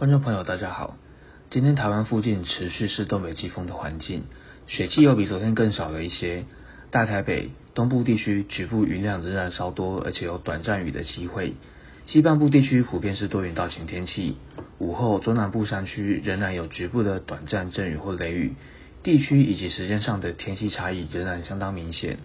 觀眾朋友，大家好。今天台灣附近持續是東北季風的環境，水汽又比昨天更少了一些。大台北、東部地區局部雲量仍然稍多，而且有短暫雨的機會。西半部地區普遍是多雲到晴天氣。午後中南部山區仍然有局部的短暫陣雨或雷雨。地區以及時間上的天氣差異仍然相當明顯。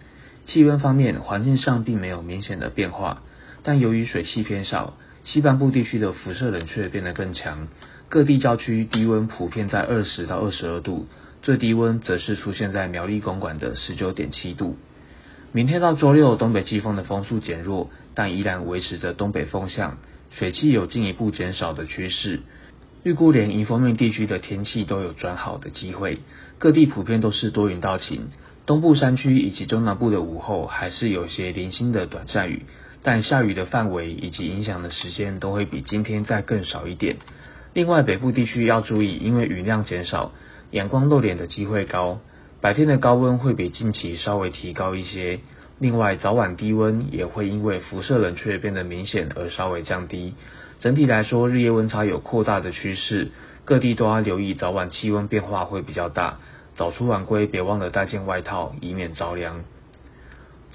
氣溫方面，環境上並沒有明顯的變化，但由於水汽偏少，西半部地區的輻射冷卻變得更強，各地郊區低溫普遍在二十到二十二度，最低溫則是出現在苗栗公館的十九點七度。明天到周六，東北季風的風速減弱，但依然維持着東北風向，水氣有進一步減少的趨勢。預估連迎風面地區的天氣都有轉好的機會，各地普遍都是多雲到晴，東部山區以及中南部的午後還是有些零星的短暫雨。但下雨的範圍以及影響的時間都會比今天再更少一點。另外，北部地區要注意，因為雲量減少，陽光露臉的機會高，白天的高溫會比近期稍微提高一些。另外，早晚低溫也會因為輻射冷卻變得明顯而稍微降低。整體來說，日夜溫差有擴大的趨勢，各地都要留意早晚氣溫變化會比較大，早出晚歸別忘了帶件外套，以免着涼。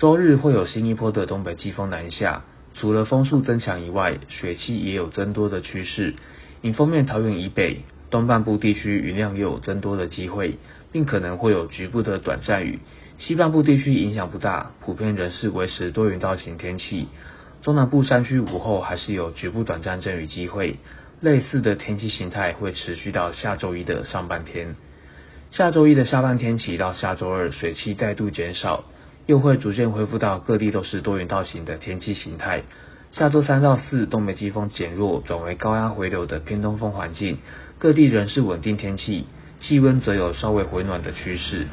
週日會有新一波的東北季風南下，除了風速增強以外，水汽也有增多的趨勢，迎風面桃園以北、東半部地區雲量也有增多的機會，並可能會有局部的短暫雨。西半部地區影響不大，普遍仍是維持多雲到晴天氣。中南部山區午後還是有局部短暫陣雨機會，類似的天氣形態會持續到下周一的上半天。下周一的下半天起到下周二，水汽再度減少。又會逐漸恢復到各地都是多雲到晴的天氣形態。下週三到四，東北季風減弱，轉為高壓迴流的偏東風環境，各地仍是穩定天氣，氣溫則有稍微回暖的趨勢。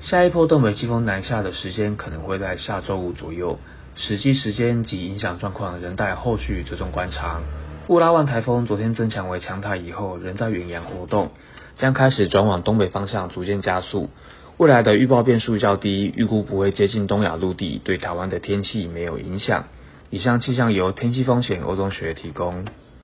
下一波東北季風南下的時間可能會在下週五左右，實際時間及影響狀況仍待後續追蹤觀察。布拉萬台風昨天增強為強台以後，仍在遠洋活動，將開始轉往東北方向，逐漸加速。未來的預報變數較低，預估不會接近東亞陸地，對臺灣的天氣沒有影響。以上氣象由天氣風險歐宗學提供。